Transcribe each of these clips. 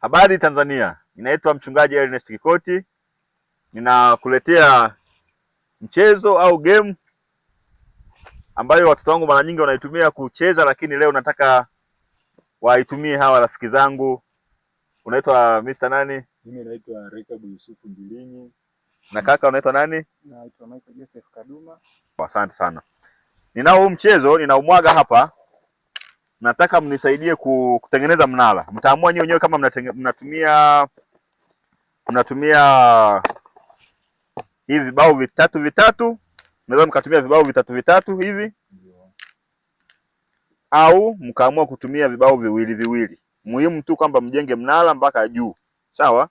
Habari Tanzania, ninaitwa mchungaji Ernest Kikoti, ninakuletea mchezo au game ambayo watoto wangu mara nyingi wanaitumia kucheza, lakini leo nataka waitumie hawa rafiki zangu. Unaitwa Mr nani? Mimi naitwa Rekabu Yusufu Mbilinyi. Na kaka unaitwa nani? Naitwa Michael Joseph Kaduma. Asante sana. Ninao huu mchezo ninaumwaga hapa nataka mnisaidie kutengeneza mnara. Mtaamua nyinyi wenyewe kama mnatumia mnatumia hivi vibao vitatu vitatu, mnaweza mkatumia vibao vitatu vitatu hivi, au mkaamua kutumia vibao viwili viwili. Muhimu tu kwamba mjenge mnara mpaka juu, sawa?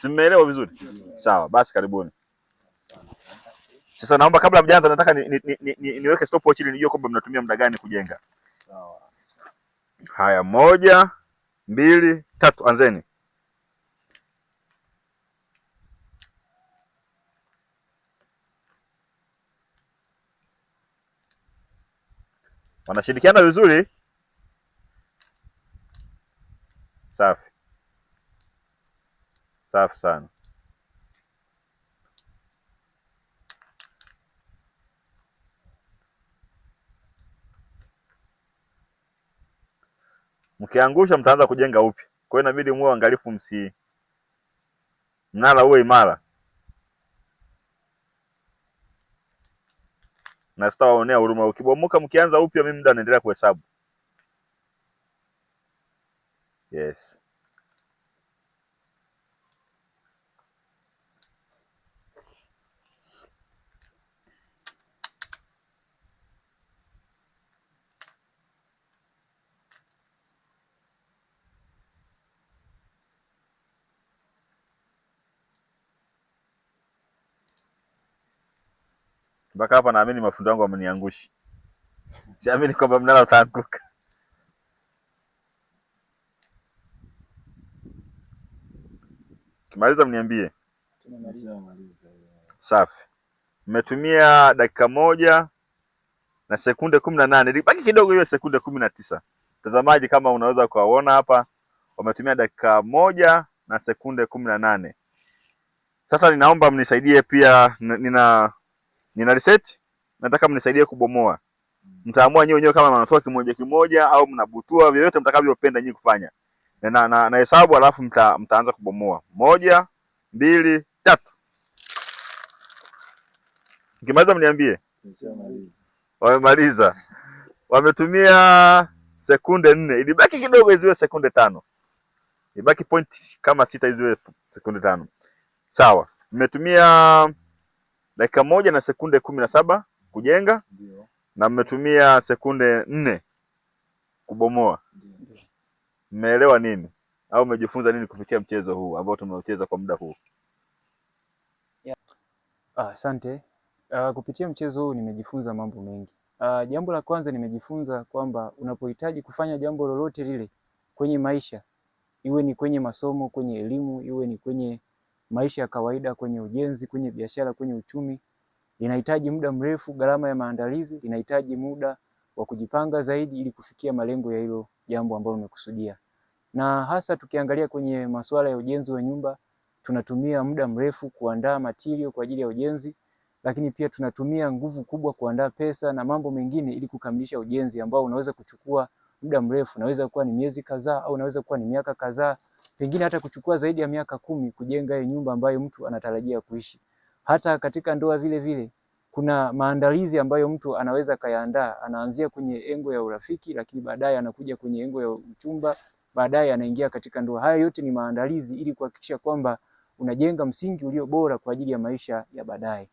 Simeelewa vizuri? Sawa, basi karibuni. Sasa naomba kabla mjaanza, nataka ni, ni, ni, ni, niweke stopwatch ili nijue kwamba mnatumia muda gani kujenga. Sawa. Haya, moja, mbili, tatu, anzeni. Wanashirikiana vizuri. Safi, safi sana. mkiangusha mtaanza kujenga upya. Kwa hiyo inabidi muwe angalifu, msi mnara uwe imara, na sitawaonea huruma. Ukibomoka mkianza upya, mimi muda naendelea kuhesabu. Yes. Mpaka hapa naamini mafundo yangu wameniangushi. Siamini kwamba mnara utaanguka. Kimaliza mniambie. Safi. Mmetumia dakika moja na sekunde kumi na nane. baki kidogo hiyo sekunde kumi na tisa. Mtazamaji, kama unaweza kuwaona hapa, wametumia dakika moja na sekunde kumi na nane. Sasa ninaomba mnisaidie pia, nina nina reset, nataka mnisaidie kubomoa. Mtaamua nyinyi wenyewe kama mnatoa kimoja kimoja au mnabutua, vyovyote mtakavyopenda nyinyi kufanya. Na na, na hesabu alafu mta, mtaanza kubomoa. Moja, mbili, tatu. Mkimaliza mniambie. Wamemaliza. Wametumia sekunde nne, ilibaki kidogo iziwe sekunde tano, ilibaki point kama sita iziwe sekunde tano. Sawa, mmetumia dakika moja na sekunde kumi na saba kujenga Ndiyo. na mmetumia sekunde nne kubomoa. Mmeelewa nini au mmejifunza nini kupitia mchezo huu ambao tumeucheza kwa muda huu? Ah, asante yeah. Ah, uh, kupitia mchezo huu nimejifunza mambo mengi. Uh, jambo la kwanza nimejifunza kwamba unapohitaji kufanya jambo lolote lile kwenye maisha, iwe ni kwenye masomo, kwenye elimu, iwe ni kwenye maisha ya kawaida, kwenye ujenzi, kwenye biashara, kwenye uchumi. Linahitaji muda mrefu, gharama ya maandalizi, linahitaji muda wa kujipanga zaidi ili kufikia malengo ya hilo jambo ambalo umekusudia. Na hasa tukiangalia kwenye masuala ya ujenzi wa nyumba, tunatumia muda mrefu kuandaa material kwa ajili ya ujenzi, lakini pia tunatumia nguvu kubwa kuandaa pesa na mambo mengine ili kukamilisha ujenzi ambao unaweza kuchukua muda mrefu, unaweza kuwa ni miezi kadhaa au unaweza kuwa ni miaka kadhaa pengine hata kuchukua zaidi ya miaka kumi kujenga ile nyumba ambayo mtu anatarajia kuishi. Hata katika ndoa vile vile kuna maandalizi ambayo mtu anaweza kayaandaa, anaanzia kwenye engo ya urafiki, lakini baadaye anakuja kwenye engo ya uchumba, baadaye anaingia katika ndoa. Haya yote ni maandalizi ili kuhakikisha kwamba unajenga msingi ulio bora kwa ajili ya maisha ya baadaye.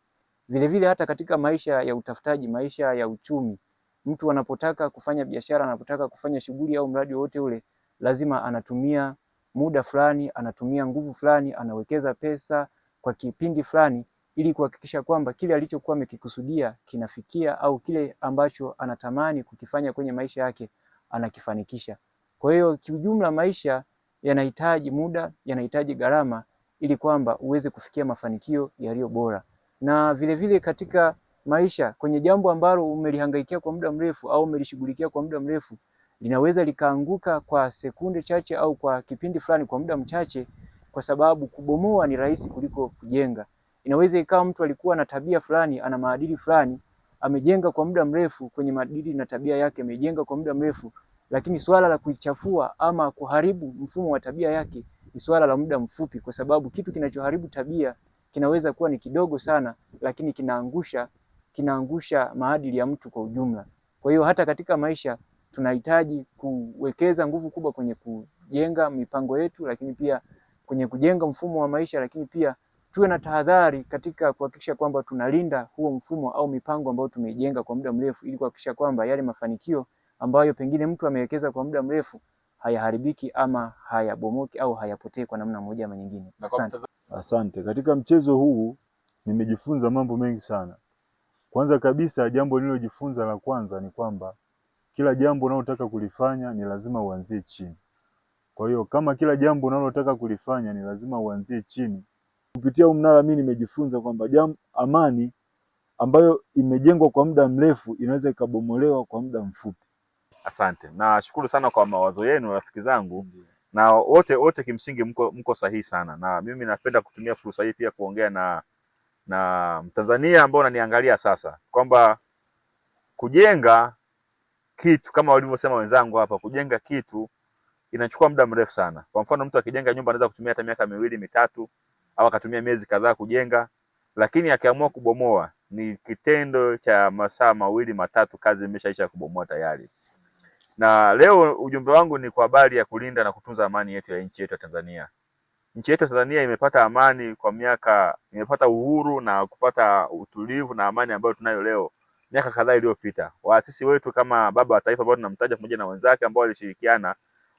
Vile vile hata katika maisha ya utafutaji, maisha ya uchumi, mtu anapotaka kufanya biashara, anapotaka kufanya shughuli au mradi wowote ule, lazima anatumia muda fulani, anatumia nguvu fulani, anawekeza pesa kwa kipindi fulani ili kuhakikisha kwamba kile alichokuwa amekikusudia kinafikia au kile ambacho anatamani kukifanya kwenye maisha yake anakifanikisha. Kwa hiyo kiujumla, maisha yanahitaji muda, yanahitaji gharama ili kwamba uweze kufikia mafanikio yaliyo bora. Na vilevile vile katika maisha, kwenye jambo ambalo umelihangaikia kwa muda mrefu au umelishughulikia kwa muda mrefu, linaweza likaanguka kwa sekunde chache au kwa kipindi fulani, kwa muda mchache, kwa sababu kubomoa ni rahisi kuliko kujenga. Inaweza ikawa mtu alikuwa na tabia fulani, ana maadili fulani, amejenga kwa muda mrefu kwenye maadili na tabia yake, amejenga kwa muda mrefu, lakini swala la kuichafua ama kuharibu mfumo wa tabia yake ni swala la muda mfupi, kwa sababu kitu kinachoharibu tabia kinaweza kuwa ni kidogo sana, lakini kinaangusha kinaangusha maadili ya mtu kwa ujumla. Kwa hiyo hata katika maisha tunahitaji kuwekeza nguvu kubwa kwenye kujenga mipango yetu, lakini pia kwenye kujenga mfumo wa maisha, lakini pia tuwe na tahadhari katika kuhakikisha kwamba tunalinda huo mfumo au mipango ambayo tumeijenga kwa muda mrefu, ili kuhakikisha kwamba yale mafanikio ambayo pengine mtu amewekeza kwa muda mrefu hayaharibiki ama hayabomoki au hayapotee kwa namna moja ama nyingine. Asante. Asante. Katika mchezo huu nimejifunza mambo mengi sana. Kwanza kabisa, jambo nililojifunza la kwanza ni kwamba kila jambo unalotaka kulifanya ni lazima uanzie chini. Kwa hiyo kama kila jambo unalotaka kulifanya ni lazima uanzie chini, kupitia huu mnara mimi nimejifunza kwamba jambo amani ambayo imejengwa kwa muda mrefu inaweza ikabomolewa kwa muda mfupi. Asante, nashukuru sana kwa mawazo yenu rafiki zangu, Na wote wote kimsingi mko, mko sahihi sana, na mimi napenda kutumia fursa hii pia kuongea na na Mtanzania ambao unaniangalia sasa kwamba kujenga kitu kama walivyosema wenzangu hapa, kujenga kitu inachukua muda mrefu sana. Kwa mfano, mtu akijenga nyumba anaweza kutumia hata miaka miwili mitatu, au akatumia miezi kadhaa kujenga, lakini akiamua kubomoa ni kitendo cha masaa mawili matatu, kazi imeshaisha kubomoa tayari. Na leo ujumbe wangu ni kwa habari ya kulinda na kutunza amani yetu ya nchi yetu ya Tanzania. Nchi yetu ya Tanzania imepata amani kwa miaka, imepata uhuru na kupata utulivu na amani ambayo tunayo leo miaka kadhaa iliyopita. Waasisi wetu kama baba wa taifa ambao tunamtaja pamoja na wenzake ambao walishirikiana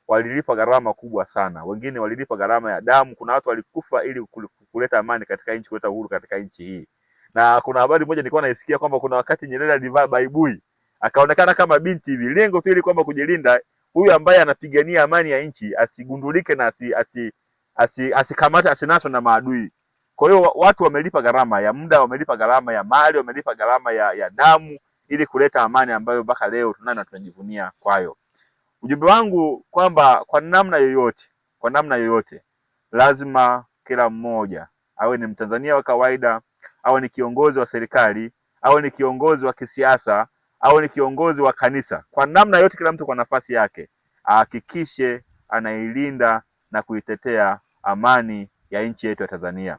walilipa gharama kubwa sana. Wengine walilipa gharama ya damu. Kuna watu walikufa ili kuleta amani katika nchi, kuleta uhuru katika nchi hii. Na kuna habari moja nilikuwa naisikia kwamba kuna wakati Nyerere alivaa baibui akaonekana kama binti hivi, lengo tu ili kwamba kujilinda huyu ambaye anapigania amani ya nchi asigundulike na asi, asi, asi, asikamata na maadui. Kwa hiyo watu wamelipa gharama ya muda, wamelipa gharama ya mali, wamelipa gharama ya, ya damu ili kuleta amani ambayo mpaka leo tunayo na tunajivunia kwayo. Ujumbe wangu kwamba kwa namna yoyote, kwa namna yoyote lazima kila mmoja awe ni Mtanzania wa kawaida, awe ni kiongozi wa serikali, awe ni kiongozi wa kisiasa, awe ni kiongozi wa kanisa, kwa namna yote, kila mtu kwa nafasi yake ahakikishe anailinda na kuitetea amani ya nchi yetu ya Tanzania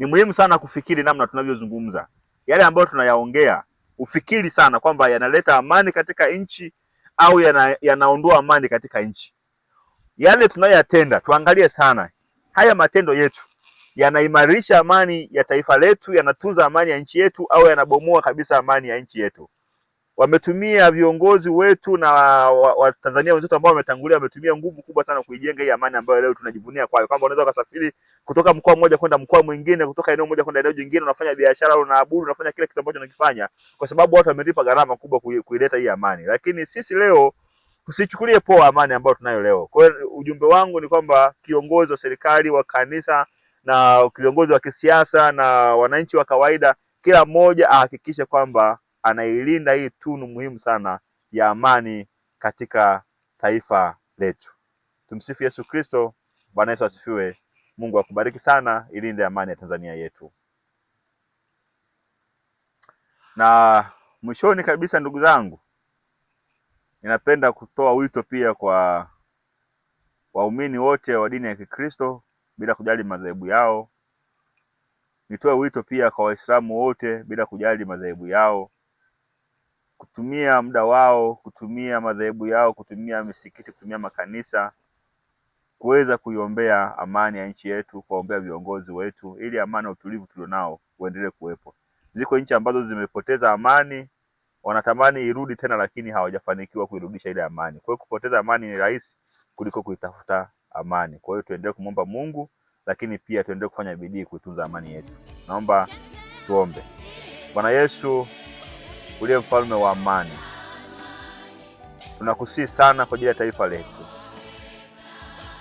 ni muhimu sana kufikiri namna tunavyozungumza, yale ambayo tunayaongea ufikiri sana kwamba yanaleta amani katika nchi au yana, yanaondoa amani katika nchi. Yale tunayoyatenda tuangalie sana, haya matendo yetu yanaimarisha amani ya taifa letu, yanatunza amani ya nchi yetu, au yanabomoa kabisa amani ya nchi yetu? wametumia viongozi wetu na Watanzania wa wenzetu ambao wametangulia, wametumia nguvu kubwa sana kuijenga hii amani ambayo leo tunajivunia kwayo, kwamba unaweza ukasafiri kutoka mkoa mmoja kwenda mkoa mwingine, kutoka eneo moja kwenda eneo jingine, unafanya biashara, unaabudu, unafanya kila kitu ambacho unakifanya, kwa sababu watu wamelipa gharama kubwa kuileta hii amani. Lakini sisi leo tusichukulie poa amani ambayo tunayo leo. Kwa hiyo ujumbe wangu ni kwamba kiongozi wa serikali, wa kanisa na kiongozi wa kisiasa na wananchi wa kawaida, kila mmoja ahakikishe kwamba anailinda hii tunu muhimu sana ya amani katika taifa letu. Tumsifu Yesu Kristo. Bwana Yesu asifiwe. Mungu akubariki sana, ilinde amani ya Tanzania yetu. Na mwishoni kabisa, ndugu zangu, ninapenda kutoa wito pia kwa waumini wote wa dini ya Kikristo bila kujali madhehebu yao. Nitoe wito pia kwa Waislamu wote bila kujali madhehebu yao kutumia muda wao, kutumia madhehebu yao, kutumia misikiti, kutumia makanisa kuweza kuiombea amani ya nchi yetu, kuwaombea viongozi wetu, ili amani na utulivu tulionao uendelee kuwepo. Ziko nchi ambazo zimepoteza amani, wanatamani irudi tena, lakini hawajafanikiwa kuirudisha ile amani. Kwa hiyo kupoteza amani ni rahisi kuliko kuitafuta amani. Kwa hiyo tuendelee kumwomba Mungu, lakini pia tuendelee kufanya bidii kuitunza amani yetu. Naomba tuombe. Bwana Yesu uliye mfalme wa amani. Tunakusihi sana kwa ajili ya taifa letu,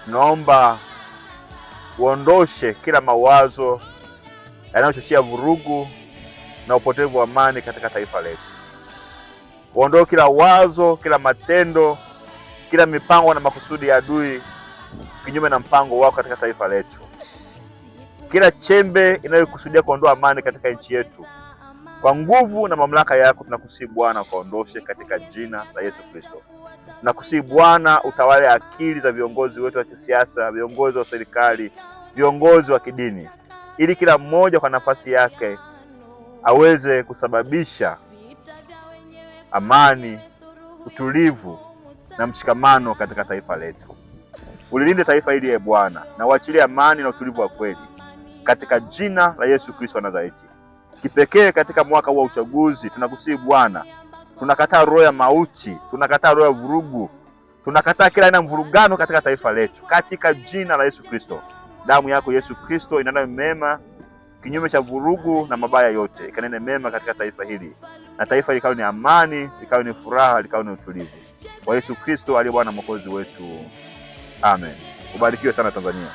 tunaomba uondoshe kila mawazo yanayochochea vurugu na upotevu wa amani katika taifa letu. Uondoe kila wazo, kila matendo, kila mipango na makusudi ya adui kinyume na mpango wako katika taifa letu. Kila chembe inayokusudia kuondoa amani katika nchi yetu kwa nguvu na mamlaka yako tunakusihi Bwana, ukaondoshe katika jina la Yesu Kristo. Tunakusihi Bwana, utawale akili za viongozi wetu wa kisiasa, viongozi wa serikali, viongozi wa kidini, ili kila mmoja kwa nafasi yake aweze kusababisha amani, utulivu na mshikamano katika taifa letu. Ulilinde taifa hili, e Bwana, na uachilie amani na utulivu wa kweli, katika jina la Yesu Kristo wa Nazareti kipekee katika mwaka wa uchaguzi. Tunakusihi Bwana, tunakataa roho ya mauti, tunakataa roho ya vurugu, tunakataa kila aina mvurugano katika taifa letu, katika jina la Yesu Kristo. Damu yako Yesu Kristo inanayo mema kinyume cha vurugu na mabaya yote, ikanene mema katika taifa hili, na taifa likawe ni amani, likawe ni furaha, likawe ni utulivu, kwa Yesu Kristo aliye Bwana mwokozi wetu, amen. Ubarikiwe sana Tanzania.